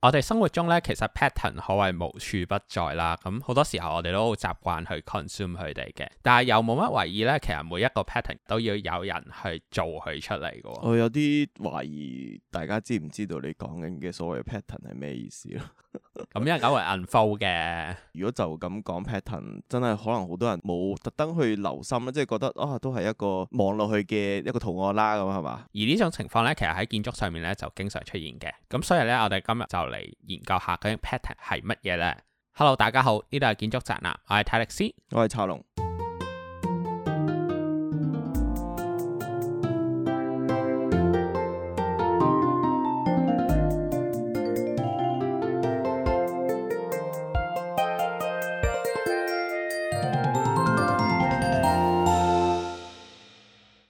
我哋生活中咧，其實 pattern 可謂無處不在啦。咁、嗯、好多時候我哋都好習慣去 consume 佢哋嘅，但係又冇乜懷疑咧。其實每一個 pattern 都要有人去做佢出嚟噶。我有啲懷疑大家知唔知道你講緊嘅所謂 pattern 係咩意思咯？咁 因為搞埋 unfold 嘅， 如果就咁講 pattern，真係可能好多人冇特登去留心啦，即、就、係、是、覺得啊、哦，都係一個望落去嘅一個圖案啦，咁係嘛？而呢種情況咧，其實喺建築上面咧就經常出現嘅。咁、嗯、所以咧，我哋今日就。嚟研究下究竟 pattern 係乜嘢呢？Hello 大家好，呢度係建築宅男啦，我係泰力斯，我係茶龍。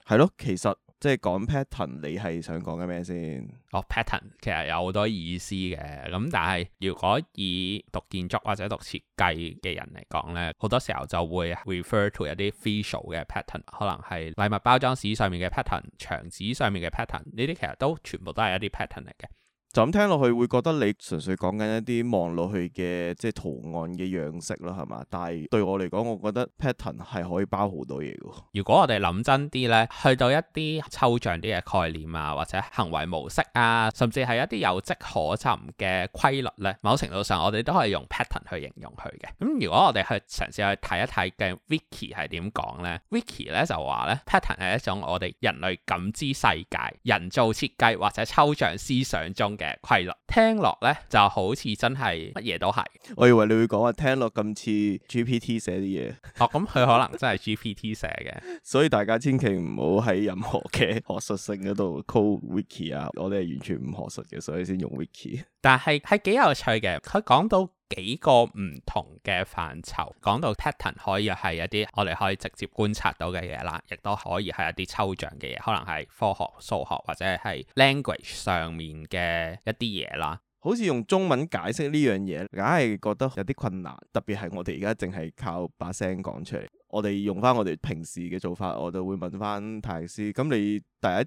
係 咯，其實。即係講 pattern，你係想講緊咩先？哦、oh，pattern 其實有好多意思嘅，咁但係如果以讀建築或者讀設計嘅人嚟講咧，好多時候就會 refer to 一啲 visual 嘅 pattern，可能係禮物包裝紙上面嘅 pattern、牆紙上面嘅 pattern，呢啲其實都全部都係一啲 pattern 嚟嘅。就咁聽落去會覺得你純粹講緊一啲望落去嘅即係圖案嘅樣式啦，係嘛？但係對我嚟講，我覺得 pattern 係可以包好多嘢㗎。如果我哋諗真啲咧，去到一啲抽象啲嘅概念啊，或者行為模式啊，甚至係一啲有迹可尋嘅規律咧，某程度上我哋都可以用 pattern 去形容佢嘅。咁如果我哋去嘗試去睇一睇嘅 Wiki 係點講咧？Wiki 咧就話咧，pattern 係一種我哋人類感知世界、人造設計或者抽象思想中，嘅規律，聽落咧就好似真係乜嘢都係。我以為你會講話聽落咁似 GPT 寫啲嘢。哦，咁佢可能真係 GPT 寫嘅。所以大家千祈唔好喺任何嘅學術性嗰度 call wiki 啊！我哋係完全唔學術嘅，所以先用 wiki。 但係係幾有趣嘅，佢講到。幾個唔同嘅範疇，講到 pattern 可以係一啲我哋可以直接觀察到嘅嘢啦，亦都可以係一啲抽象嘅嘢，可能係科學、數學或者係 language 上面嘅一啲嘢啦。好似用中文解釋呢樣嘢，梗係覺得有啲困難，特別係我哋而家淨係靠把聲講出嚟。我哋用翻我哋平時嘅做法，我就會問翻泰斯，咁你第一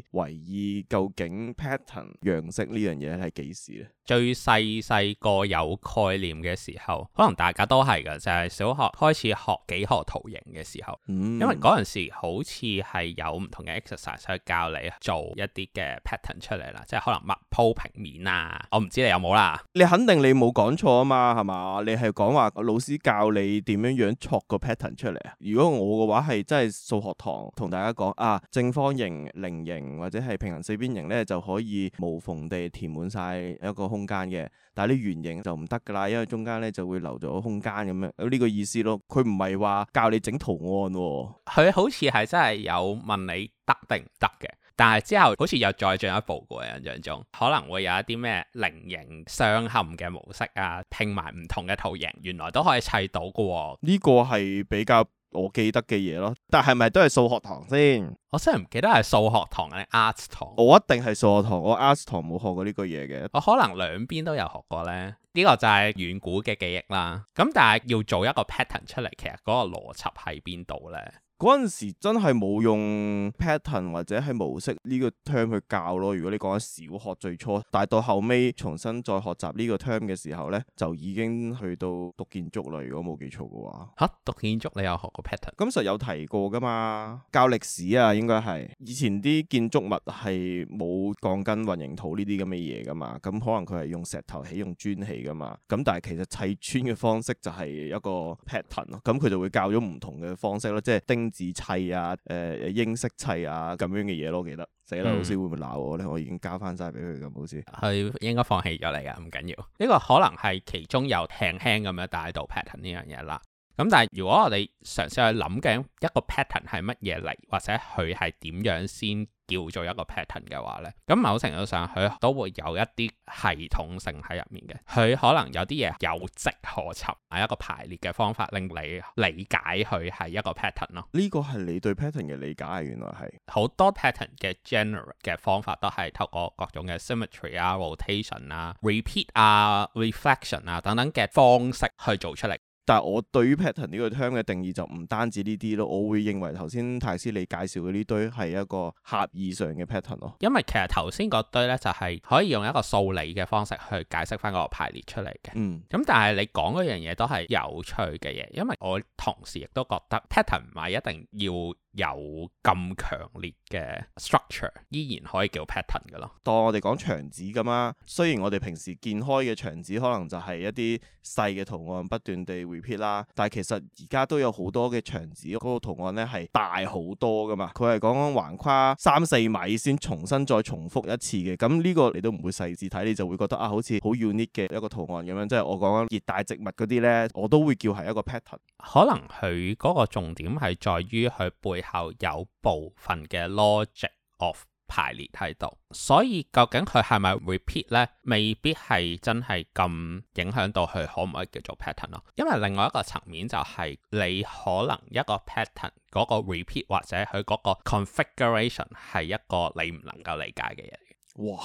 次為意究竟 pattern 樣式呢樣嘢係幾時呢？最細細個有概念嘅時候，可能大家都係㗎，就係、是、小學開始學幾何圖形嘅時候，嗯、因為嗰陣時好似係有唔同嘅 exercise 去教你做一啲嘅 pattern 出嚟啦，即係可能密鋪平面啊，我唔知你有冇啦。你肯定你冇講錯啊嘛，係嘛？你係講話老師教你點樣樣作個 pattern。出嚟啊！如果我嘅話係真係數學堂同大家講啊，正方形、菱形或者係平行四邊形咧就可以無縫地填滿晒一個空間嘅，但係啲圓形就唔得噶啦，因為中間咧就會留咗空間咁樣有呢個意思咯。佢唔係話教你整圖案啊，佢好似係真係有問你得定唔得嘅。但係之後好似又再進一步過，印象中可能會有一啲咩菱形相嵌嘅模式啊，拼埋唔同嘅圖形，原來都可以砌到嘅。呢個係比較我記得嘅嘢咯。但係咪都係數學堂先？我真係唔記得係數學堂定，art 堂。我一定係數學堂，我 art 堂冇學過呢個嘢嘅。我可能兩邊都有學過呢。呢個就係遠古嘅記憶啦。咁但係要做一個 pattern 出嚟，其實嗰個邏輯喺邊度呢？嗰陣時真係冇用 pattern 或者係模式呢個 term 去教咯。如果你講喺小學最初，但係到後尾重新再學習呢個 term 嘅時候咧，就已經去到讀建築啦。如果冇記錯嘅話，嚇讀建築你有學過 pattern？咁實有提過㗎嘛？教歷史啊，應該係以前啲建築物係冇鋼筋混凝土呢啲咁嘅嘢㗎嘛。咁可能佢係用石頭起，用磚起㗎嘛。咁但係其實砌磚嘅方式就係一個 pattern 咯。咁佢就會教咗唔同嘅方式咯，即係丁。字砌啊，誒、呃、英式砌啊，咁樣嘅嘢咯，我記得寫啦。老師會唔會鬧我咧？嗯、我已經交翻晒俾佢咁，老師佢應該放棄咗你噶，唔緊要。呢、呢個可能係其中有輕輕咁樣帶到 pattern 呢樣嘢啦。咁但係如果我哋嘗試去諗緊一個 pattern 係乜嘢嚟，或者佢係點樣先？叫做一個 pattern 嘅話咧，咁某程度上佢都會有一啲系統性喺入面嘅。佢可能有啲嘢有跡可尋，係一個排列嘅方法令你理解佢係一個 pattern 咯。呢個係你對 pattern 嘅理解啊，原來係好多 pattern 嘅 general 嘅方法都係透過各種嘅 symmetry 啊、rotation 啊、repeat 啊、reflection 啊等等嘅方式去做出嚟。但係我對於 pattern 呢個 term 嘅定義就唔單止呢啲咯，我會認為頭先泰師你介紹嘅呢堆係一個狹義上嘅 pattern 咯。因為其實頭先嗰堆咧就係可以用一個數理嘅方式去解釋翻嗰個排列出嚟嘅。嗯。咁但係你講嗰樣嘢都係有趣嘅嘢，因為我同時亦都覺得 pattern 唔係一定要，有咁強烈嘅 structure，依然可以叫 pattern 噶喇。當我哋講牆紙咁啊，雖然我哋平時見開嘅牆紙可能就係一啲細嘅圖案不斷地 repeat 啦，但係其實而家都有好多嘅牆紙嗰個圖案咧係大好多噶嘛。佢係講緊橫跨三四米先重新再重複一次嘅。咁呢個你都唔會細緻睇，你就會覺得啊，好似好 unique 嘅一個圖案咁樣。即係我講緊熱帶植物嗰啲咧，我都會叫係一個 pattern。可能佢嗰個重點係在於佢背後有部分嘅 logic of 排列喺度，所以究竟佢係咪 repeat 咧？未必係真係咁影響到佢可唔可以叫做 pattern 咯。因為另外一個層面就係你可能一個 pattern 嗰個 repeat 或者佢嗰個 configuration 係一個你唔能夠理解嘅嘢。哇！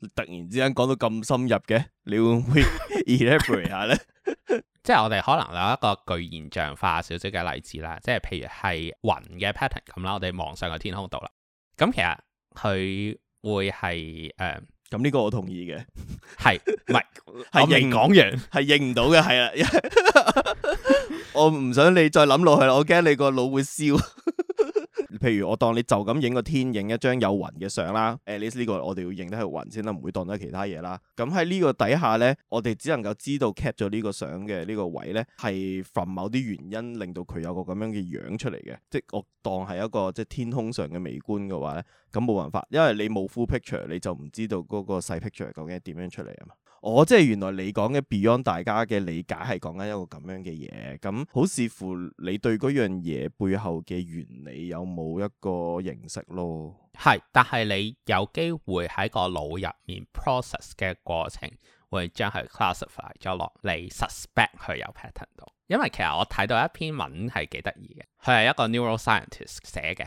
突然之間講到咁深入嘅，你會唔會 elaborate 下咧？ 即係我哋可能有一個具現象化少少嘅例子啦，即係譬如係雲嘅 pattern 咁啦，我哋望上個天空度啦，咁其實佢會係誒，咁、呃、呢個我同意嘅，係唔係？ 認我未講完，係認唔到嘅，係啦， 我唔想你再諗落去啦，我驚你個腦會笑。 譬如我當你就咁影個天影一張有雲嘅相啦，誒，呢呢個我哋要影得喺個雲先啦，唔會當得其他嘢啦。咁喺呢個底下咧，我哋只能夠知道 cap 咗呢個相嘅呢個位咧，係憑某啲原因令到佢有個咁樣嘅樣出嚟嘅，即我當係一個即係天空上嘅微觀嘅話咧，咁冇辦法，因為你冇 full picture，你就唔知道嗰個細 picture 究竟係點樣出嚟啊嘛。我、oh，即係原來你講嘅 beyond 大家嘅理解係講緊一個咁樣嘅嘢，咁好視乎你對嗰樣嘢背後嘅原理有冇一個認識咯。係，但係你有機會喺個腦入面 process 嘅過程會將佢 classify 咗落你 suspect 佢有 pattern 度。因為其實我睇到一篇文係幾得意嘅，佢係一個 neuroscientist 寫嘅。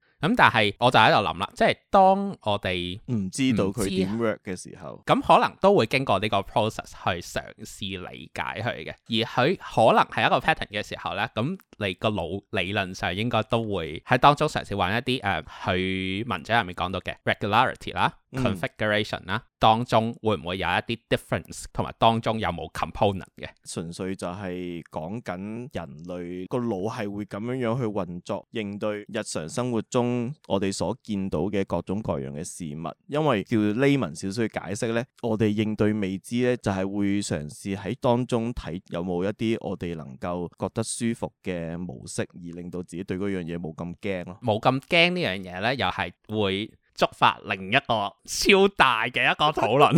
咁、嗯、但係我就喺度諗啦，即係當我哋唔知道佢點 work 嘅時候，咁可能都會經過呢個 process 去嘗試理解佢嘅，而佢可能係一個 pattern 嘅時候咧，咁你個腦理論上應該都會喺當中嘗試揾一啲誒，佢、呃、文章入面講到嘅 regularity 啦，configuration 啦。嗯 Con 當中會唔會有一啲 difference，同埋當中有冇 component 嘅？純粹就係講緊人類個腦係會咁樣樣去運作，應對日常生活中我哋所見到嘅各種各樣嘅事物。因為叫 layman 少少嘅解釋咧，我哋應對未知咧就係會嘗試喺當中睇有冇一啲我哋能夠覺得舒服嘅模式，而令到自己對嗰樣嘢冇咁驚咯。冇咁驚呢樣嘢咧，又係會。觸發另一個超大嘅一個討論，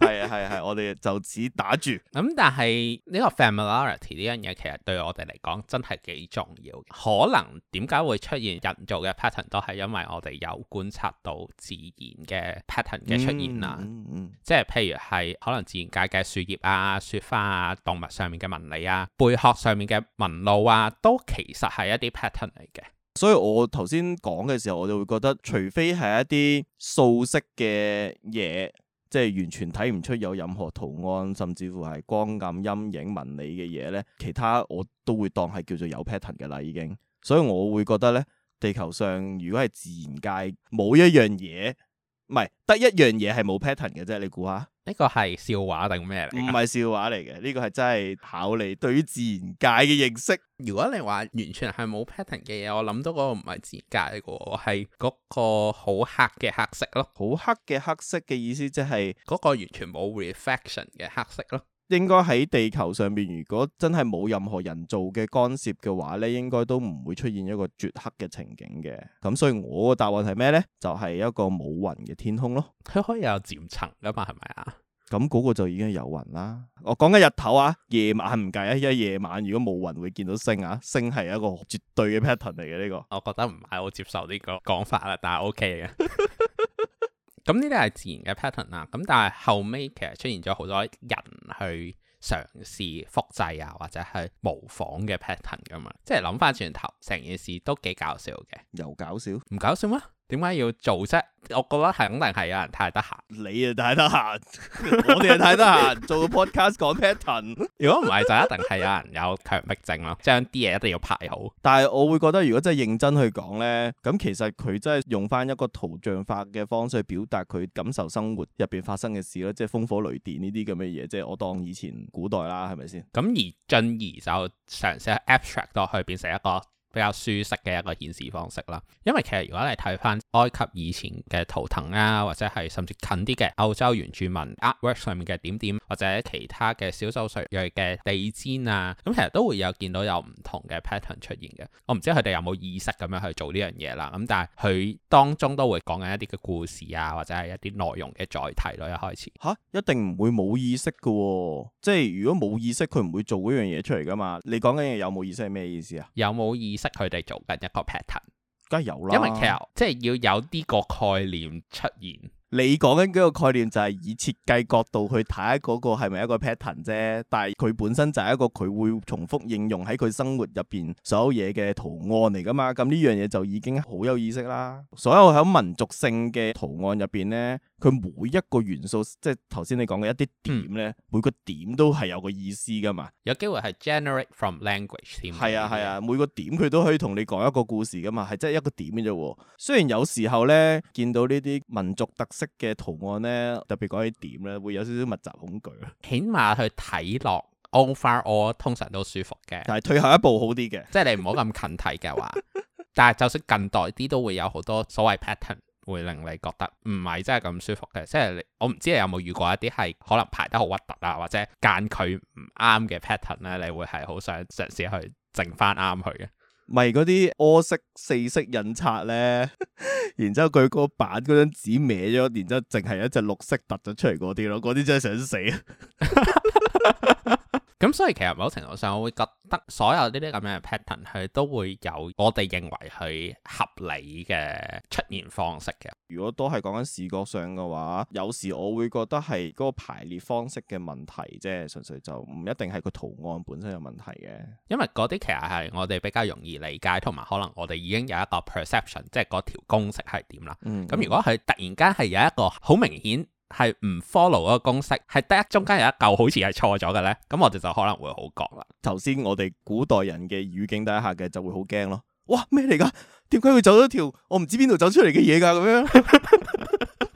係啊係係，我哋就此打住。咁、嗯、但係呢個 familiarity 呢樣嘢，其實對我哋嚟講真係幾重要。可能點解會出現人造嘅 pattern，都係因為我哋有觀察到自然嘅 pattern 嘅出現啦。嗯嗯嗯、即係譬如係可能自然界嘅樹葉啊、雪花啊、動物上面嘅紋理啊、貝殼上面嘅紋路啊，都其實係一啲 pattern 嚟嘅。所以我頭先講嘅時候，我就會覺得，除非係一啲素色嘅嘢，即係完全睇唔出有任何圖案，甚至乎係光暗陰影紋理嘅嘢咧，其他我都會當係叫做有 pattern 㗎喇，已經。所以我會覺得咧，地球上如果係自然界冇一樣嘢。唔係得一樣嘢係冇 pattern 嘅啫，你估下？呢個係笑話定咩嚟？唔係笑話嚟嘅，呢個係真係考你對於自然界嘅認識。如果你話完全係冇 pattern 嘅嘢，我諗到嗰個唔係自然界嘅，我係嗰個好黑嘅黑色咯。好黑嘅黑色嘅意思即係嗰個完全冇 reflection 嘅黑色咯。應該喺地球上面，如果真係冇任何人造嘅干涉嘅話咧，應該都唔會出現一個絕黑嘅情景嘅。咁所以我嘅答案係咩咧？就係、是、一個冇雲嘅天空咯。佢可以有漸層噶嘛？係咪啊？咁嗰個就已經有雲啦。我、哦、講緊日頭啊，夜晚唔計啊。因為夜晚如果冇雲會見到星啊，星係一個絕對嘅 pattern 嚟嘅呢個。我覺得唔係好接受呢個講法啦，但係 OK 嘅。 咁呢啲係自然嘅 pattern 啦，咁但係後尾其實出現咗好多人去嘗試複製啊，或者係模仿嘅 pattern 噉嘛，即係諗翻轉頭，成件事都幾搞笑嘅，又搞笑？唔搞笑咩？點解要做啫？我覺得係肯定係有人太得閒，你啊太得閒， 我哋係太得閒， 做個 podcast 講 pattern。如果唔係，就一定係有人有強迫症咯，將啲嘢一定要排好。但係我會覺得，如果真係認真去講呢，咁其實佢真係用翻一個圖像化嘅方式去表達佢感受生活入邊發生嘅事咯，即係風火雷電呢啲咁嘅嘢。即係我當以前古代啦，係咪先？咁而進而就嘗試 abstract 落去，變成一個，比較舒適嘅一個顯示方式啦，因為其實如果你睇翻埃及以前嘅圖騰啊，或者係甚至近啲嘅澳洲原住民 artwork 上面嘅點點，或者其他嘅小手碎碎嘅地氈啊，咁、嗯、其實都會有見到有唔同嘅 pattern 出現嘅。我唔知佢哋有冇意識咁樣去做呢樣嘢啦，咁、嗯、但係佢當中都會講緊一啲嘅故事啊，或者係一啲內容嘅載體咯。一開始吓，一定唔會冇意識噶、哦，即係如果冇意識佢唔會做嗰樣嘢出嚟噶嘛。你講緊嘢有冇意識係咩意思啊？有冇意？識佢哋做緊一個 pattern，梗係有啦，因為其實即係要有啲個概念出現。你講緊嗰個概念就係以設計角度去睇嗰個係咪一個 pattern 啫，但係佢本身就係一個佢會重複應用喺佢生活入邊所有嘢嘅圖案嚟㗎嘛。咁呢樣嘢就已經好有意識啦。所有喺民族性嘅圖案入邊咧。佢每一個元素，即係頭先你講嘅一啲點咧，嗯、每個點都係有個意思噶嘛。有機會係 generate from language 添。係啊係啊，每個點佢都可以同你講一個故事噶嘛，係即係一個點嘅啫喎。雖然有時候咧，見到呢啲民族特色嘅圖案咧，特別講啲點咧，會有少少密集恐懼。起碼去睇落 on far all，通常都舒服嘅，但係退後一步好啲嘅，即係你唔好咁近睇嘅話。 但係就算近代啲都會有好多所謂 pattern。會令你覺得唔係真係咁舒服嘅，即係你我唔知你有冇遇過一啲係可能排得好核突啊，或者間距唔啱嘅 pattern 咧，你會係好想嘗試去整翻啱佢嘅。咪嗰啲柯式四色印刷咧，然之後佢個版嗰張紙歪咗，然之後淨係一隻綠色凸咗出嚟嗰啲咯，嗰啲真係想死。咁所以其實某程度上，我會覺得所有呢啲咁樣嘅 pattern，佢都會有我哋認為係合理嘅出現方式嘅。如果都係講緊視覺上嘅話，有時我會覺得係嗰個排列方式嘅問題啫，純粹就唔一定係個圖案本身有問題嘅。因為嗰啲其實係我哋比較容易理解，同埋可能我哋已經有一個 perception，即係嗰條公式係點啦。咁、嗯嗯、如果係突然間係有一個好明顯。係唔 follow 嗰個公式，係得一中間有一嚿好似係錯咗嘅咧，咁我哋就可能會好覺啦。頭先我哋古代人嘅語境底下嘅，就會好驚咯。哇，咩嚟噶？點解會走咗條我唔知邊度走出嚟嘅嘢噶？咁樣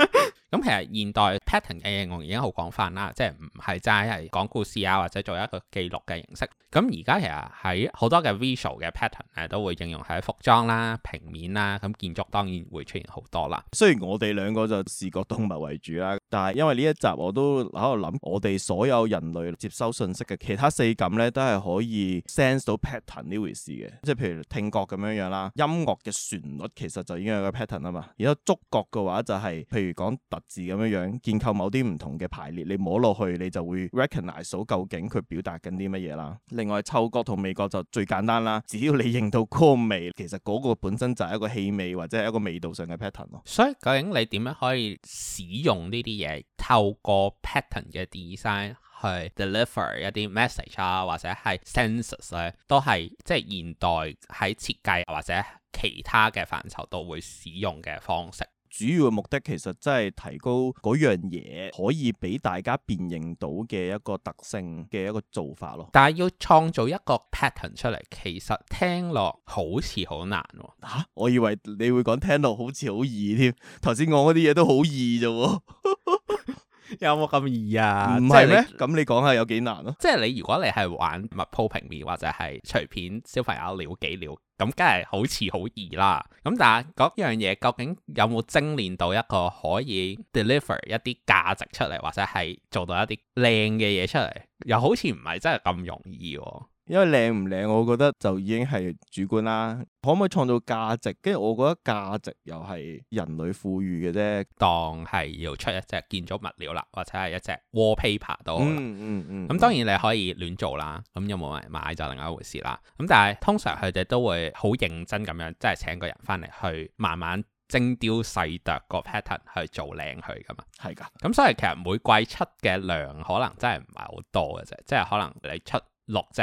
咁其實現代，pattern 嘅應用已經好廣泛啦，即係唔係齋係講故事啊，或者做一個記錄嘅形式。咁而家其實喺好多嘅 visual 嘅 pattern 咧，都會應用喺服裝啦、平面啦，咁建築當然會出現好多啦。雖然我哋兩個就視覺動物為主啦，但係因為呢一集我都喺度諗，我哋所有人類接收信息嘅其他四感咧，都係可以 sense 到 pattern 呢回事嘅。即係譬如聽覺咁樣樣啦，音樂嘅旋律其實就已經有個 pattern 啊嘛。而家觸覺嘅話就係譬如講特字咁樣樣建。靠某啲唔同嘅排列，你摸落去，你就會 recognize 到究竟佢表達緊啲乜嘢啦。另外，嗅覺同味覺就最簡單啦。只要你認到嗰個味，其實嗰個本身就係一個氣味或者係一個味道上嘅 pattern 咯。所以究竟你點樣可以使用呢啲嘢，透過 pattern 嘅 design 去 deliver 一啲 message 啊，或者係 senses 咧，都係即係現代喺設計或者其他嘅範疇都會使用嘅方式。主要嘅目的其實真係提高嗰樣嘢可以俾大家辨認到嘅一個特性嘅一個做法咯。但係要創造一個 pattern 出嚟，其實聽落好似好難喎。嚇，我以為你會講聽落好似好易添。頭先講嗰啲嘢都好易啫喎。 有冇咁易啊？唔係咩？咁你講下有幾難咯、啊？即係你如果你係玩密鋪平面或者係隨便小朋友了幾了，咁梗係好似好易啦。咁但係嗰樣嘢究竟有冇精煉到一個可以 deliver 一啲價值出嚟，或者係做到一啲靚嘅嘢出嚟，又好似唔係真係咁容易。因為靚唔靚，我覺得就已經係主觀啦。可唔可以創造價值？跟住我覺得價值又係人類賦予嘅啫。當係要出一隻建築物料啦，或者係一隻 wallpaper 都好啦。咁當然你可以亂做啦。咁、嗯、有冇人買就另一回事啦。咁、嗯、但係通常佢哋都會好認真咁樣，即係請個人翻嚟去慢慢精雕細琢個 pattern 去做靚佢噶嘛。係噶的。咁、嗯、所以其實每季出嘅量可能真係唔係好多嘅啫。即係可能你出六隻。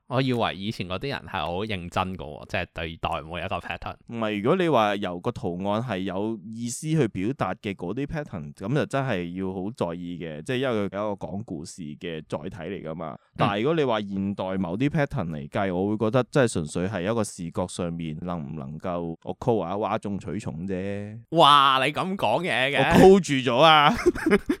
我以為以前嗰啲人係好認真嘅、哦，即係對待每一個 pattern。唔係，如果你話由個圖案係有意思去表達嘅嗰啲 pattern，咁就真係要好在意嘅，即係因為佢係一個講故事嘅載體嚟噶嘛。但係如果你話現代某啲 pattern 嚟計，我會覺得真係純粹係一個視覺上面能唔能夠我 call 下、啊，嘩眾取寵啫。哇！你咁講嘢嘅，我 call 住咗啊！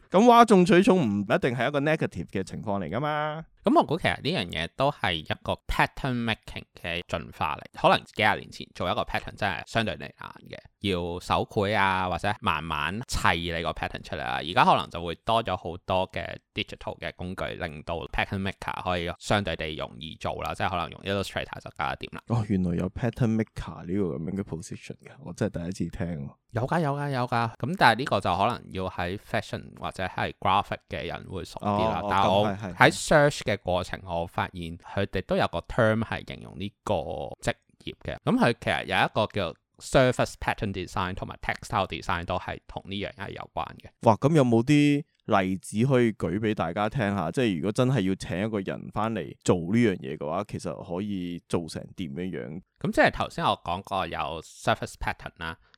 咁嘩眾取寵唔一定係一個 negative 嘅情況嚟噶嘛。咁我估其實呢樣嘢都係一個 pattern making 嘅進化嚟，可能幾廿年前做一個 pattern 真係相對嚟難嘅，要手繪啊或者慢慢砌你個 pattern 出嚟啦。而家可能就會多咗好多嘅 digital 嘅工具，令到 pattern maker 可以相對地容易做啦，即係可能用 Illustrator 就加一點啦。哦，原來有 pattern maker 呢個咁樣嘅 position 嘅，我真係第一次聽。有噶，有噶，有噶。咁、嗯、但係呢個就可能要喺 fashion 或者係 graphic 嘅人會熟啲啦、哦。哦、但係我喺、嗯、search 嘅過程，我發現佢哋都有個 term 係形容呢個職業嘅。咁、嗯、佢其實有一個叫 surface pattern design 同埋 textile design 都係同呢樣嘢有關嘅。哇，咁有冇啲例子可以舉俾大家聽下？即係如果真係要請一個人返嚟做呢樣嘢嘅話，其實可以做成點樣樣？咁、嗯、即係頭先我講過有 surface pattern 啦。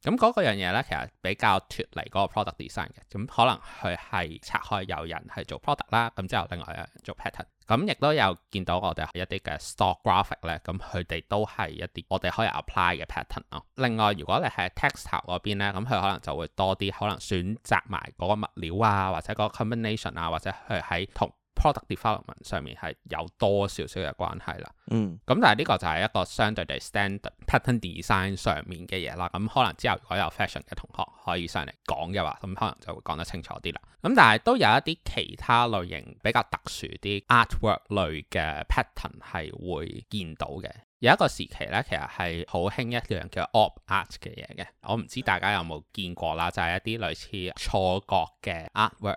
咁嗰樣嘢呢，其實比較脱離嗰個 product design 嘅，咁可能佢係拆開有人去做 product 啦，咁之後另外做 pattern，咁亦都有見到我哋係一啲嘅 stock graphic 呢。咁佢哋都係一啲我哋可以 apply 嘅 pattern 咯。另外如果你係 textile 嗰邊咧，咁佢可能就會多啲，可能選擇埋嗰個物料啊，或者個 combination 啊，或者佢喺同。Product development 上面係有多少少嘅關係啦，嗯，咁但係呢個就係一個相對地 standard pattern design 上面嘅嘢啦，咁可能之後如果有 fashion 嘅同學可以上嚟講嘅話，咁可能就會講得清楚啲啦。咁但係都有一啲其他類型比較特殊啲 artwork 類嘅 pattern 係會見到嘅。有一個時期咧，其實係好興一樣叫 op art 嘅嘢嘅，我唔知大家有冇見過啦，就係一啲類似錯覺嘅 artwork。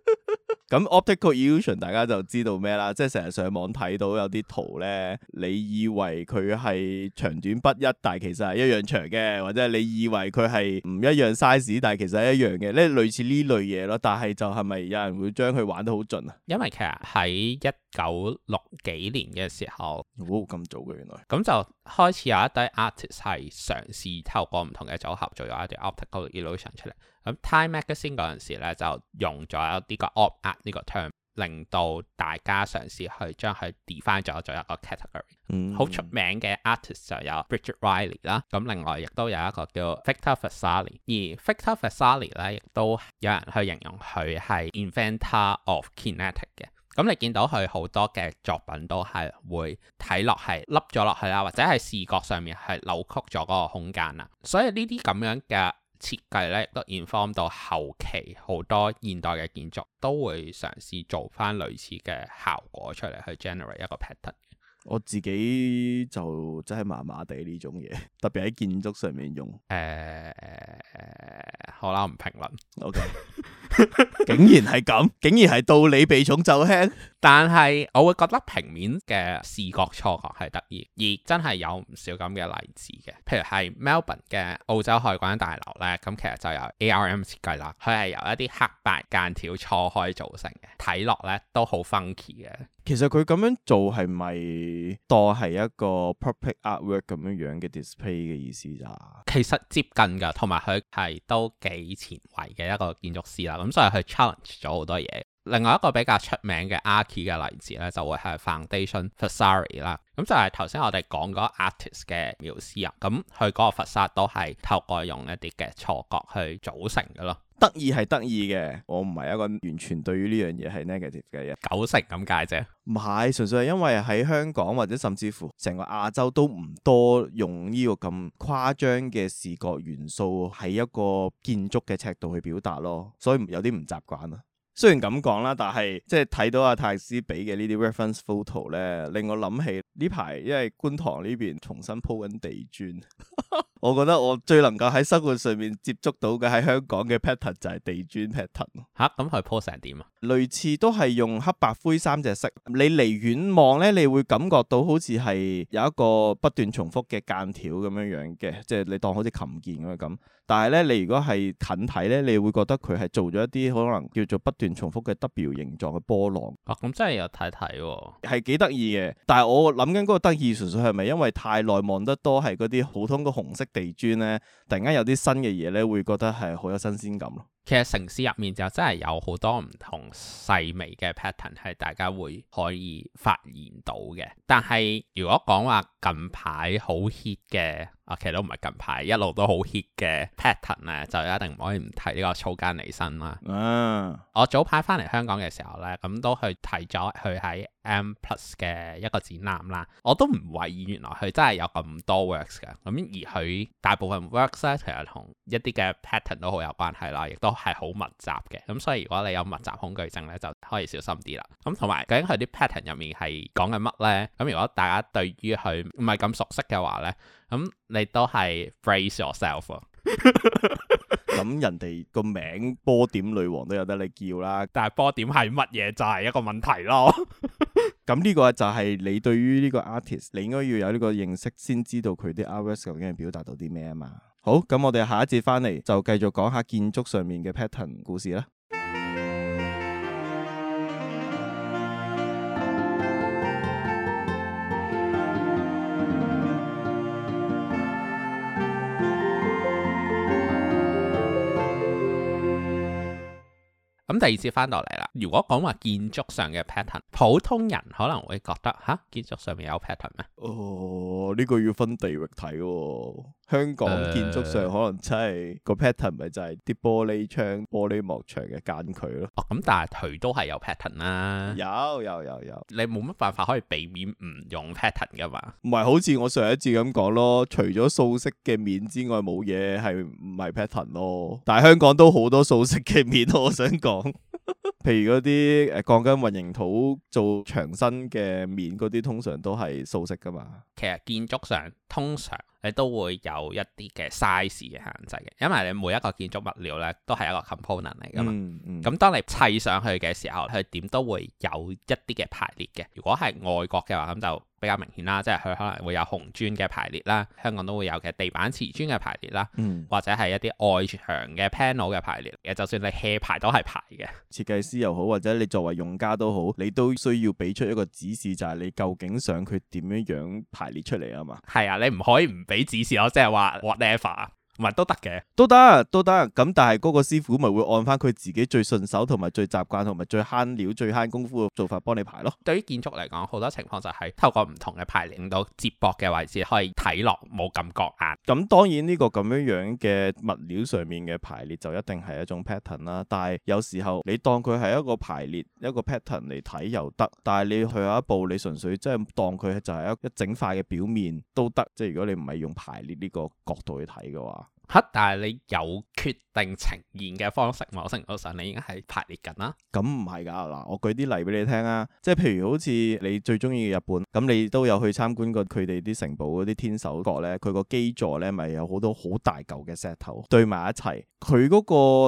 咁 optical illusion 大家就知道咩啦，即係成日上網睇到有啲圖咧，你以為佢係長短不一，但其實係一樣長嘅，或者你以為佢係唔一樣 size，但其實係一樣嘅，咧類似呢類嘢咯。但係就係咪有人會將佢玩得好盡啊？因為其實喺一九六幾年嘅時候，哦，咁早嘅原來，咁就開始有一堆 artist 係嘗試透過唔同嘅組合，做咗一啲 optical illusion 出嚟。咁《Time Magazine》嗰陣時咧，就用咗一啲個 op art 呢個 term，令到大家嘗試去將佢 define 返咗做一個 category。嗯、mm。好、hmm. 出名嘅 artist 就有 Bridget Riley 啦，咁另外亦都有一個叫 Victor Vasarely 而 Victor Vasarely 咧，亦都有人去形容佢係 inventor of kinetic 嘅。咁你見到佢好多嘅作品都係會睇落係凹咗落去啦，或者係視覺上面係扭曲咗嗰個空間啊。所以呢啲咁樣嘅。設計咧都 inform 到後期好多現代嘅建築都會嘗試做返類似嘅效果出嚟去 generate 一個 pattern。我自己就真係麻麻地呢種嘢，特別喺建築上面用。誒、呃呃，好啦，唔評論。OK。 竟然係咁，竟然係道理避重就輕。 但係我會覺得平面嘅視覺錯覺係得意，而真係有唔少咁嘅例子嘅，譬如係 Melbourne 嘅澳洲海關大樓呢，咁其實就由 ARM 設計啦，佢係由一啲黑白間條錯開組成嘅，睇落呢都好 funky 嘅。其實佢咁樣做係咪當係一個 public artwork 咁樣樣嘅 display 嘅意思咋？其實接近噶，同埋佢係都幾前衛嘅一個建築師啦。咁所以佢 challenge 咗好多嘢。另外一個比較出名嘅 artist 嘅例子咧，就會係 Foundation Vasarely 啦。咁就係頭先我哋講嗰 artist 嘅描思啊。咁佢嗰個佛沙都係透過用一啲嘅錯覺去組成嘅咯。得意係得意嘅，我唔係一個完全對於呢樣嘢係 negative 嘅人。九成咁解啫，唔係純粹係因為喺香港或者甚至乎成個亞洲都唔多用呢個咁誇張嘅視覺元素喺一個建築嘅尺度去表達咯，所以有啲唔習慣咯。雖然咁講啦，但係即係睇到阿泰斯俾嘅呢啲 reference photo 咧，令我諗起呢排因為觀塘呢邊重新鋪緊地磚。 我覺得我最能夠喺生活上面接觸到嘅喺香港嘅 pattern 就係地磚 pattern 吓，咁佢鋪成點啊？嗯、類似都係用黑白灰三隻色。你離遠望咧，你會感覺到好似係有一個不斷重複嘅間條咁樣樣嘅，即係你當好似琴鍵咁樣。但係咧，你如果係近睇咧，你會覺得佢係做咗一啲可能叫做不斷重複嘅 W 形狀嘅波浪。啊，咁、嗯、真係有睇睇喎，係幾得意嘅。但係我諗緊嗰個得意，純粹係咪因為太耐望得多係嗰啲普通嘅紅色？地磚咧，突然間有啲新嘅嘢咧，會覺得係好有新鮮感咯。其實城市入面就真係有好多唔同細微嘅 pattern 係大家會可以發現到嘅。但係如果講話近排好 hit 嘅，啊其實都唔係近排，一路都好 hit 嘅 pattern 咧，就一定唔可以唔提呢個草間彌生啦。嗯，我早排翻嚟香港嘅時候咧，咁都去睇咗佢喺 M Plus 嘅一個展覽啦。我都唔懷疑原來佢真係有咁多 works 噶，咁而佢大部分 works 咧其實同一啲嘅 pattern 都好有關係啦，亦都。都係好密集嘅，咁、嗯、所以如果你有密集恐懼症咧，就可以小心啲啦。咁同埋究竟佢啲 pattern 入面係講緊乜咧？咁、嗯、如果大家對於佢唔係咁熟悉嘅話咧，咁、嗯、你都係 brace yourself。咁 人哋個名波點女王都有得你叫啦， 但係波點係乜嘢就係一個問題咯。咁 呢 個就係你對於呢個 artist，你應該要有呢個認識先知道佢啲 rhythm 究竟係表達到啲咩啊嘛。好，咁我哋下一節翻嚟就繼續講下建築上面嘅 pattern 故事啦。咁第二次翻落嚟啦，如果講話建築上嘅 pattern，普通人可能會覺得吓，建築上面有 pattern 咩？哦，呢個要分地域睇喎。香港建築上可能真係、呃、個 pattern 咪就係啲玻璃窗、玻璃幕牆嘅間距咯。咁、哦、但係佢都係有 pattern 啦、啊。有有有有，有你冇乜辦法可以避免唔用 pattern 噶嘛？唔係好似我上一次咁講咯，除咗素色嘅面之外，冇嘢係唔係 pattern 咯。但係香港都好多素色嘅面，我想講。 譬如嗰啲誒鋼筋混凝土做牆身嘅面嗰啲，通常都係素色噶嘛。其實建築上通常你都會有一啲嘅 size 嘅限制嘅，因為你每一個建築物料咧都係一個 component 嚟噶嘛。咁、嗯嗯、當你砌上去嘅時候，佢點都會有一啲嘅排列嘅。如果係外國嘅話，咁就，比較明顯啦，即係佢可能會有紅磚嘅排列啦，香港都會有嘅地板瓷磚嘅排列啦，嗯、或者係一啲外牆嘅 panel 嘅排列，其實就算你 hea 排都係排嘅。設計師又好，或者你作為用家都好，你都需要俾出一個指示，就係你究竟想佢點樣樣排列出嚟啊嘛。係啊，你唔可以唔俾指示我，即係話 whatever。唔係都得嘅，都得都得。咁但係嗰個師傅咪會按翻佢自己最順手同埋最習慣同埋最慳料最慳功夫嘅做法幫你排咯。對於建築嚟講，好多情況就係透過唔同嘅排列，令到接駁嘅位置可以睇落冇感覺啊。咁當然呢個咁樣樣嘅物料上面嘅排列就一定係一種 pattern 啦。但係有時候你當佢係一個排列一個 pattern 嚟睇又得，但係你去一步你純粹即係當佢就係一整塊嘅表面都得。即係如果你唔係用排列呢個角度去睇嘅話。但係你有決定呈現嘅方式某程度上你已經係排列緊啦。咁唔係㗎嗱，我舉啲例俾你聽啊。即係譬如好似你最中意日本咁，你都有去參觀過佢哋啲城堡嗰啲天守閣咧，佢個基座咧咪有好多好大嚿嘅石頭對埋一齊，佢嗰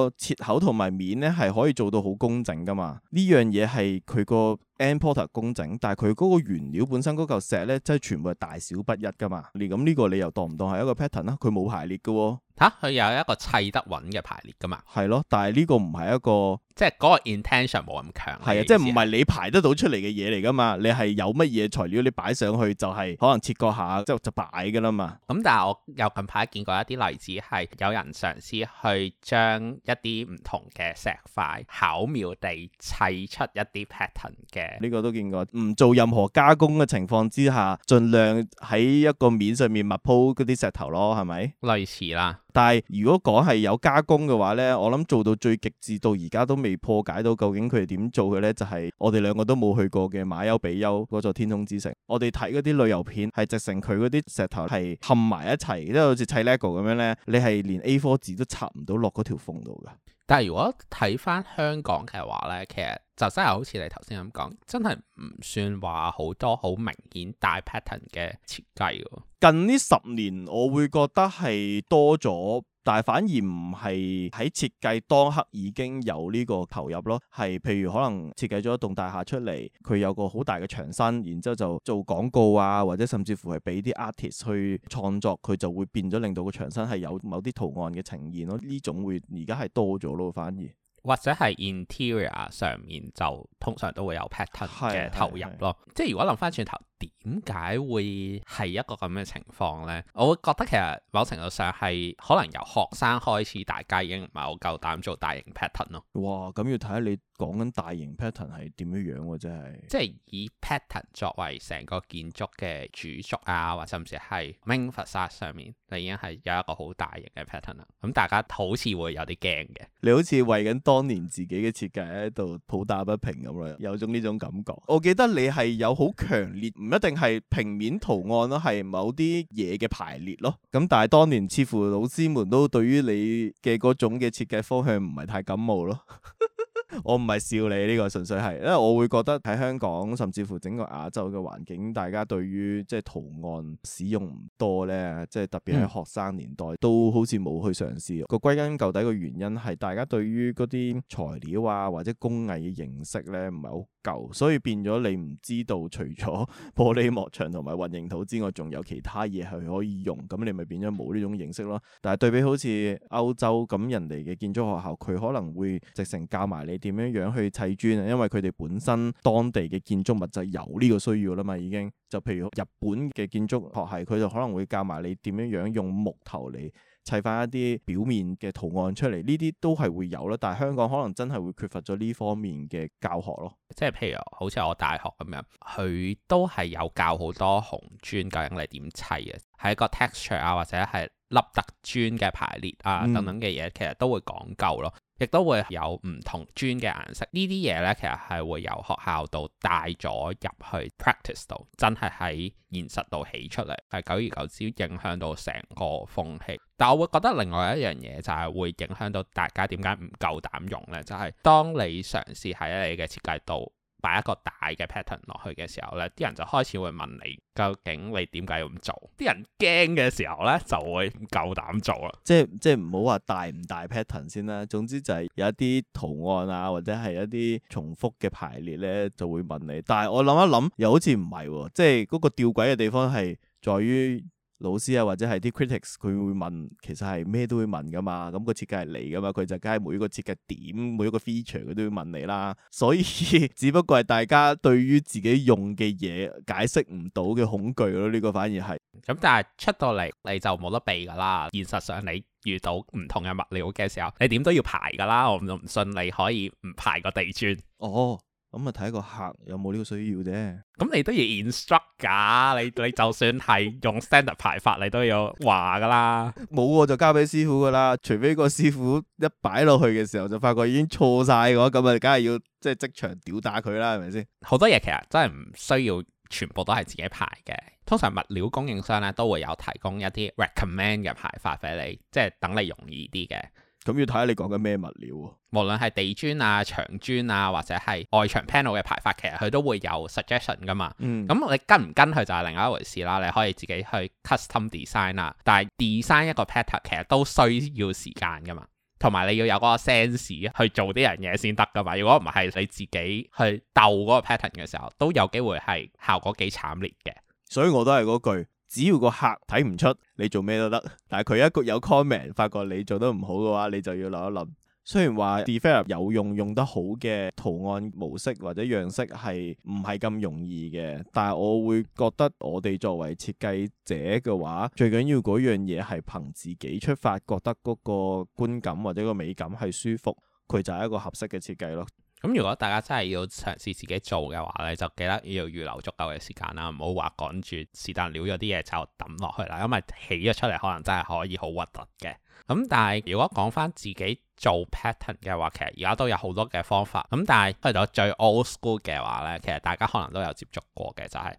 個切口同埋面咧係可以做到好工整㗎嘛？呢樣嘢係佢個。An porter 工整，但係佢嗰個原料本身嗰嚿石咧，真係全部係大小不一噶嘛。連咁呢個你又當唔當係一個 pattern 啦？佢冇排列噶喎、哦。嚇、啊！佢有一個砌得穩嘅排列噶嘛。係咯，但係呢個唔係一個，即係嗰個 intention 冇咁強。係啊，即係唔係你排得到出嚟嘅嘢嚟噶嘛？你係有乜嘢材料你擺上去就係可能切割下之後就擺㗎啦嘛。咁、嗯、但係我又近排見過一啲例子係有人嘗試去將一啲唔同嘅石塊巧妙地砌出一啲 pattern 嘅。呢個都見過，唔做任何加工嘅情況之下，盡量喺一個面上面密鋪嗰啲石頭咯，係咪？類似啦，但係如果講係有加工嘅話咧，我諗做到最極致到而家都未破解到究竟佢哋點做嘅咧，就係、是、我哋兩個都冇去過嘅馬丘比丘嗰座天空之城，我哋睇嗰啲旅遊片係直情佢嗰啲石頭係冚埋一齊，即係好似砌 LEGO 咁樣咧，你係連 A4 紙都插唔到落嗰條縫度噶。但係如果睇翻香港嘅話咧，其實就真係好似你頭先咁講，真係唔算話好多好明顯大 pattern 嘅設計喎。近呢十年，我會覺得係多咗。但係反而唔係喺設計當刻已經有呢個投入咯，係譬如可能設計咗一棟大廈出嚟，佢有個好大嘅牆身，然之後就做廣告啊，或者甚至乎係俾啲 artist 去創作，佢就會變咗令到個牆身係有某啲圖案嘅呈現咯。呢種會而家係多咗咯，反而或者係 interior 上面就通常都會有 pattern 嘅投入咯。即係如果諗翻轉頭。點解會係一個咁嘅情況咧？我覺得其實某程度上係可能由學生開始，大家已經唔係好夠膽做大型 pattern 咯。哇！咁要睇下你講緊大型 pattern 係點樣樣喎，真係。即係以 pattern 作為成個建築嘅主作啊，或者甚至係 minster 上面，就已經係有一個好大型嘅 pattern 喇。咁大家好似會有啲驚嘅。你好似為緊當年自己嘅設計喺度抱打不平咁樣，有種呢種感覺。我記得你係有好強烈一定係平面圖案啦，係某啲嘢嘅排列咯。咁但係當年似乎老師們都對於你嘅嗰種嘅設計方向唔係太感冒咯。 我唔係笑你呢個，純粹係，因為我會覺得喺香港，甚至乎整個亞洲嘅環境，大家對於即係圖案使用唔多咧，即係特別係學生年代，嗯、都好似冇去嘗試，個歸根究底嘅原因係大家對於嗰啲材料啊或者工藝嘅認識咧唔係好夠，所以變咗你唔知道除咗玻璃幕牆同埋混凝土之外，仲有其他嘢係可以用，咁你咪變咗冇呢種形式咯。但係對比好似歐洲咁人哋嘅建築學校，佢可能會直成教埋你。點樣樣去砌磚啊？因為佢哋本身當地嘅建築物就有呢個需要啦嘛，已經就譬如日本嘅建築學系，佢就可能會教埋你點樣樣用木頭嚟砌翻一啲表面嘅圖案出嚟，呢啲都係會有啦。但係香港可能真係會缺乏咗呢方面嘅教學咯。即係譬如好似我大學咁樣，佢都係有教好多紅磚究竟嚟點砌嘅，係一個 texture 啊，或者係凹凸磚嘅排列啊等等嘅嘢，嗯、其實都會講究咯。亦都會有唔同磚嘅顏色，呢啲嘢呢，其實係會由學校度帶咗入去 practice 度，真係喺現實度起出嚟，係久而久之影響到成個風氣。但我會覺得另外一樣嘢就係會影響到大家點解唔夠膽用呢，就係當你嘗試喺你嘅設計度，擺一個大嘅 pattern 落去嘅時候咧，啲人就開始會問你究竟你點解咁做？啲人驚嘅時候咧，就會唔夠膽做啦。即係即係唔好話大唔大 pattern 先啦。總之就係有一啲圖案啊，或者係一啲重複嘅排列咧，就會問你。但係我諗一諗又好似唔係喎，即係嗰個吊詭嘅地方係在於。老師啊，或者係啲 critics，佢會問，其實係咩都會問噶嘛。咁、個設計係嚟噶嘛，佢就梗係每一個設計點，每一個 feature 佢都會問你啦。所以， 只不過係大家對於自己用嘅嘢解釋唔到嘅恐懼咯。呢、個反而係。咁、嗯、但係出到嚟你就冇得避噶啦。現實上你遇到唔同嘅物料嘅時候，你點都要排噶啦。我唔信你可以唔排個地磚。哦。咁啊，睇個客有冇呢個需要啫。咁你都要 instruct 噶，你你就算係用 standard 排法，你都要話噶啦。冇 我就交俾師傅噶啦。除非個師傅一擺落去嘅時候就發覺已經錯晒嘅話，咁啊，梗係要即係即場屌打佢啦，係咪先？好多嘢其實真係唔需要全部都係自己排嘅。通常物料供應商咧都會有提供一啲 recommend 嘅排法俾你，即係等你容易啲嘅。咁要睇下你講緊咩物料喎？無論係地磚啊、牆磚啊，或者係外牆 panel 嘅排法，其實佢都會有 suggestion 噶嘛。咁、嗯、你跟唔跟佢就係另外一回事啦。你可以自己去 custom design 啦，但係 design 一個 pattern 其實都需要時間噶嘛。同埋你要有嗰個 sense 去做啲樣嘢先得噶嘛。如果唔係你自己去鬥嗰個 pattern 嘅時候，都有機會係效果幾慘烈嘅。所以我都係嗰句。只要個客睇唔出你做咩都得，但係佢一個有 comment，發覺你做得唔好嘅話，你就要諗一諗。雖然話 develop 有用，用得好嘅圖案模式或者樣式係唔係咁容易嘅，但係我會覺得我哋作為設計者嘅話，最緊要嗰樣嘢係憑自己出發，覺得嗰個觀感或者個美感係舒服，佢就係一個合適嘅設計咯。咁如果大家真係要嘗試自己做嘅話咧，就記得要預留足夠嘅時間啦，唔好話趕住是但料咗啲嘢就抌落去啦，因為起咗出嚟可能真係可以好核突嘅。咁但係如果講翻自己做 pattern 嘅話，其實而家都有好多嘅方法。咁但係去到最 old school 嘅話咧，其實大家可能都有接觸過嘅，就係、是。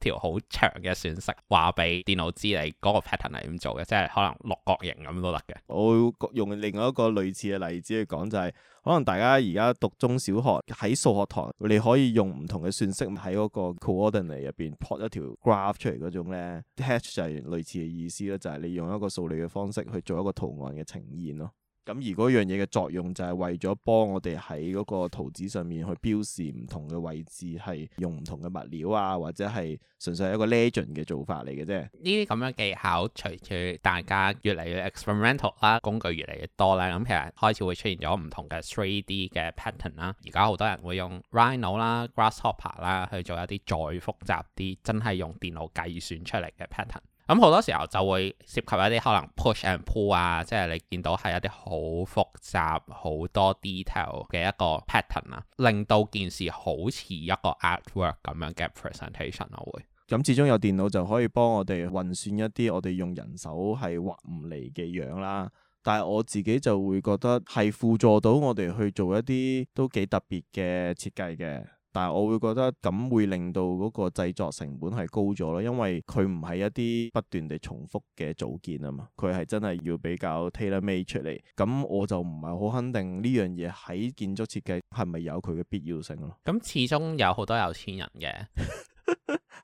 條好長嘅算式，話俾電腦知你嗰個 pattern 係咁做嘅，即係可能六角形咁都得嘅。我用另外一個類似嘅例子去講，就是，就係可能大家而家讀中小學喺數學堂，你可以用唔同嘅算式喺嗰個 coordinate 入邊 plot 一條 graph 出嚟嗰種咧，hatch 就係類似嘅意思咯，就係你用一個數理嘅方式去做一個圖案嘅呈現咯。咁而嗰樣嘢嘅作用就係為咗幫我哋喺嗰個圖紙上面去標示唔同嘅位置，係用唔同嘅物料啊，或者係純粹係一個 legend 嘅做法嚟嘅啫。呢啲咁樣技巧，隨住大家越嚟越 experimental 啦，工具越嚟越多啦，咁其實開始會出現咗唔同嘅 three D 嘅 pattern 啦。而家好多人會用 Rhino 啦、Grasshopper 啦去做一啲再複雜啲，真係用電腦計算出嚟嘅 pattern。咁嗯，咁好多時候就會涉及一啲可能 push and pull 啊，即係你見到係一啲好複雜、好多 detail 嘅一個 pattern 啊，令到件事好似一個 artwork 咁樣嘅 presentation 啊，我會。咁，嗯，始終有電腦就可以幫我哋運算一啲我哋用人手係畫唔嚟嘅樣啦，但係我自己就會覺得係輔助到我哋去做一啲都幾特別嘅設計嘅。但係我會覺得咁會令到嗰個製作成本係高咗咯，因為佢唔係一啲不斷地重複嘅組件啊嘛，佢係真係要比較 tailor made 出嚟。咁我就唔係好肯定呢樣嘢喺建築設計係咪有佢嘅必要性咯。咁始終有好多有錢人嘅，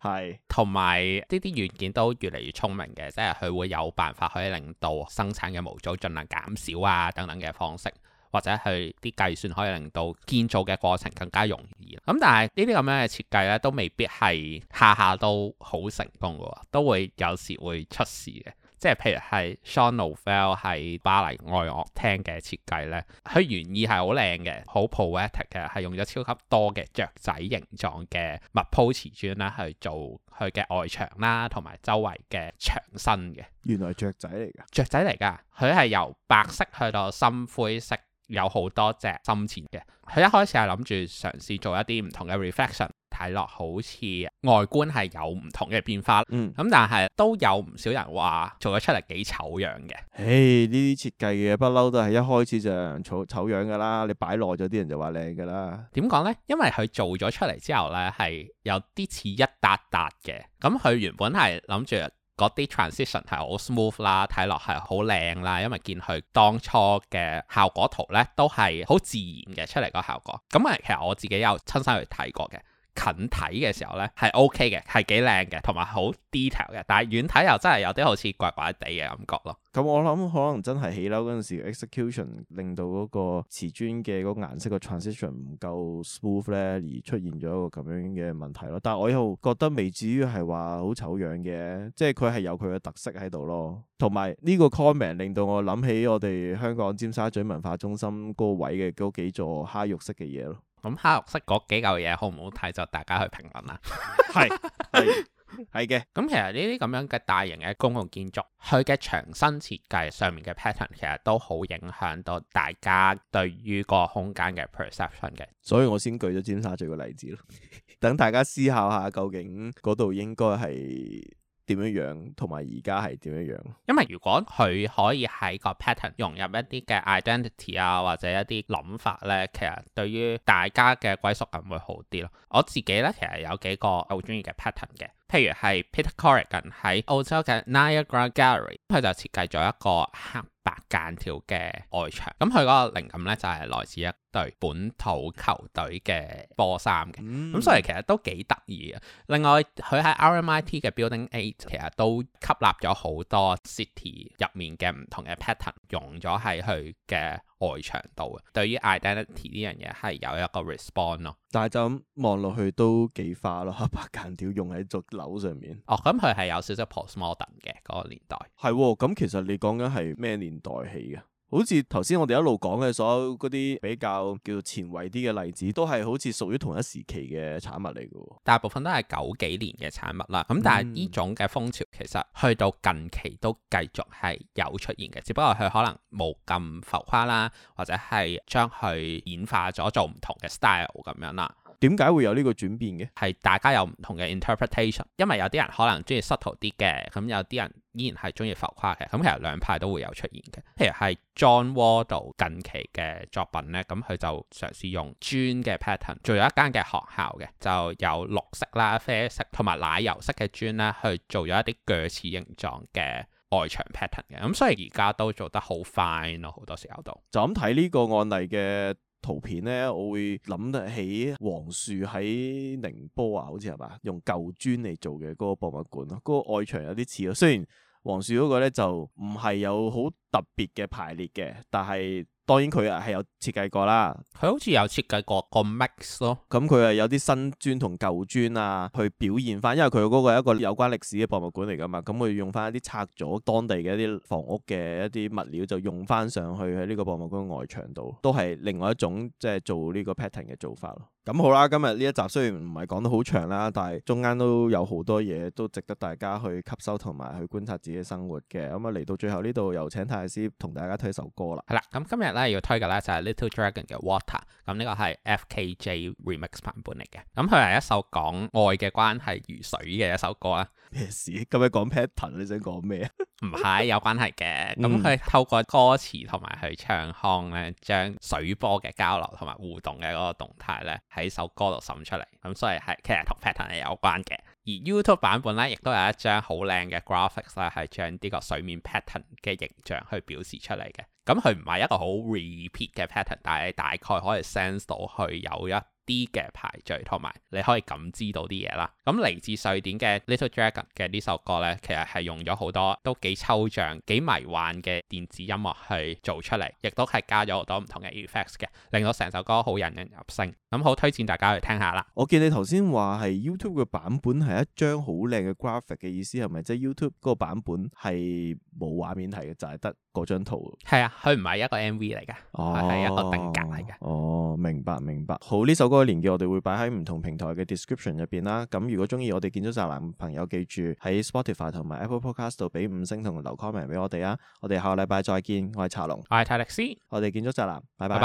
係同埋呢啲軟件都越嚟越聰明嘅，即係佢會有辦法可以令到生產嘅模組儘量減少啊等等嘅方式。或者佢啲計算可以令到建造嘅過程更加容易。咁、嗯、但係呢啲咁樣嘅設計咧，都未必係下下都好成功嘅，都會有時會出事嘅。即係譬如係 Jean Nouvel 喺巴黎愛樂廳嘅設計咧，佢原意係好靚嘅，好 poetic 嘅，係用咗超級多嘅雀仔形狀嘅密鋪瓷磚啦去做佢嘅外牆啦，同埋周圍嘅牆身嘅。原來雀仔嚟㗎？雀仔嚟㗎？佢係由白色去到深灰色。有好多隻深淺嘅，佢一開始係諗住嘗試做一啲唔同嘅 reflection，睇落好似外觀係有唔同嘅變化，嗯、嗯，咁但係都有唔少人話做咗出嚟幾醜樣嘅。誒，呢啲設計嘅嘢不嬲都係一開始就醜醜樣噶啦，你擺耐咗啲人就話靚噶啦。點講呢？因為佢做咗出嚟之後呢，係有啲似一笪笪嘅，咁、嗯、佢原本係諗住。嗰啲 transition 係好 smooth 啦，睇落係好靚啦，因為見佢當初嘅效果圖咧都係好自然嘅出嚟個效果。咁啊，其實我自己有親身去睇過嘅。近睇嘅時候咧，係 OK 嘅，係幾靚嘅，同埋好 detail 嘅。但係遠睇又真係有啲好似怪怪地嘅感覺咯。咁我諗可能真係起樓嗰陣時 execution 令到嗰個瓷磚嘅嗰個顏色嘅 transition 唔夠 smooth 咧，而出現咗一個咁樣嘅問題咯。但係我又覺得未至於係話好醜樣嘅，即係佢係有佢嘅特色喺度咯。同埋呢個 comment 令到我諗起我哋香港尖沙咀文化中心嗰位嘅嗰幾座蝦肉色嘅嘢咯。咁，黑色嗰幾嚿嘢好唔好睇？就大家去評論啦。係係係嘅。咁其實呢啲咁樣嘅大型嘅公共建築，佢嘅牆身設計上面嘅 pattern，其實都好影響到大家對於個空間嘅 perception 嘅。所以我先舉咗尖沙咀個例子咯， 等大家思考下究竟嗰度應該係。點樣樣同埋而家係點樣樣？樣，因為如果佢可以喺個 pattern 融入一啲嘅 identity 啊，或者一啲諗法咧，其實對於大家嘅歸屬感會好啲咯。我自己咧其實有幾個好鍾意嘅 pattern 嘅，譬如係 Peter Corrigan 喺澳洲嘅 Niagara Gallery，佢就設計咗一個白間條嘅外牆，咁佢嗰個靈感咧就係、是、來自一隊本土球隊嘅波衫嘅，咁、嗯嗯、所以其實都幾得意。啊。另外，佢喺 RMIT 嘅 Building Eight 其實都吸納咗好多 City 入面嘅唔同嘅 pattern，用咗喺佢嘅外牆度啊。對於 identity 呢樣嘢係有一個 response 咯。但係就望落去都幾花咯，白間條用喺作樓上面。哦，咁佢係有少少 postmodern 嘅嗰、那個年代。係喎、哦，咁其實你講緊係咩年代？代起嘅，好似頭先我哋一路講嘅所有嗰啲比較叫前衛啲嘅例子，都係好似屬於同一時期嘅產物嚟嘅，大部分都係九幾年嘅產物啦。咁但係呢種嘅風潮，其實去到近期都繼續係有出現嘅，只不過佢可能冇咁浮誇啦，或者係將佢演化咗做唔同嘅 style 咁樣啦。點解會有呢個轉變嘅？係大家有唔同嘅 interpretation，因為有啲人可能鍾意 subtle 啲嘅，咁有啲人依然係鍾意浮誇嘅，咁其實兩派都會有出現嘅。譬如係 John Wardle 近期嘅作品咧，咁佢就嘗試用磚嘅 pattern 做咗一間嘅學校嘅，就有綠色啦、啡色同埋奶油色嘅磚咧去做咗一啲鋸齒形狀嘅外牆 pattern 嘅，咁所以而家都做得好 fine 咯，好多時候都就咁睇呢個案例嘅。圖片咧，我會諗得起王澍喺寧波啊，好似係嘛，用舊磚嚟做嘅嗰個博物館咯，嗰、嗰個外牆有啲似啊。雖然王澍嗰個咧就唔係有好特別嘅排列嘅，但係。當然佢啊係有設計過啦過，佢好似有設計過個 mix 咯。咁佢係有啲新磚同舊磚啊，去表現翻，因為佢嗰個一個有關歷史嘅博物館嚟㗎嘛。咁佢用翻一啲拆咗當地嘅一啲房屋嘅一啲物料，就用翻上去喺呢個博物館嘅外牆度，都係另外一種，即係做呢個 pattern 嘅做法咯。咁好啦，今日呢一集雖然唔係講得好長啦，但係中間都有好多嘢都值得大家去吸收同埋去觀察自己生活嘅。咁啊嚟到最後呢度，有請太師同大家推一首歌啦。係啦、嗯，咁今日咧要推嘅咧就係、是、Little Dragon 嘅 Water，咁呢、嗯這個係 FKJ Remix 版本嚟嘅。咁佢係一首講愛嘅關係如水嘅一首歌啊。咩事？今日講 pattern，你想講咩啊？ 唔係，有關係嘅，咁佢透過歌詞同埋佢唱腔咧，將水波嘅交流同埋互動嘅嗰個動態咧，喺首歌度滲出嚟。咁所以係其實同 pattern 係有關嘅。而 YouTube 版本咧，亦都有一張好靚嘅 graphics 咧，係將呢個水面 pattern 嘅形象去表示出嚟嘅。咁佢唔係一個好 repeat 嘅 pattern，但係你大概可以 sense 到佢有一啲嘅排序同埋，你可以感知到啲嘢啦。咁嚟自瑞典嘅 Little Dragon 嘅呢首歌咧，其實係用咗好多都幾抽象、幾迷幻嘅電子音樂去做出嚟，亦都係加咗好多唔同嘅 effects 嘅，令到成首歌好引人入勝。咁好推薦大家去聽下啦。我見你頭先話係 YouTube 嘅版本係一張好靚嘅 graphic 嘅意思係咪？即係 YouTube 嗰個版本係冇畫面睇嘅，就係得嗰張圖。係啊，佢唔係一個 MV 嚟嘅，哦，係一個定格嚟嘅。哦。哦，明白明白。好呢首。嗰個年嘅我哋會擺喺唔同平台嘅 description 入邊啦。咁如果中意我哋建築宅男朋友，記住喺 Spotify 同埋 Apple Podcast 度俾五星同留 comment 俾我哋啊！我哋下個禮拜再見，我係茶龍，我係泰歷斯，我哋建築宅男，拜拜。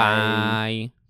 Bye bye。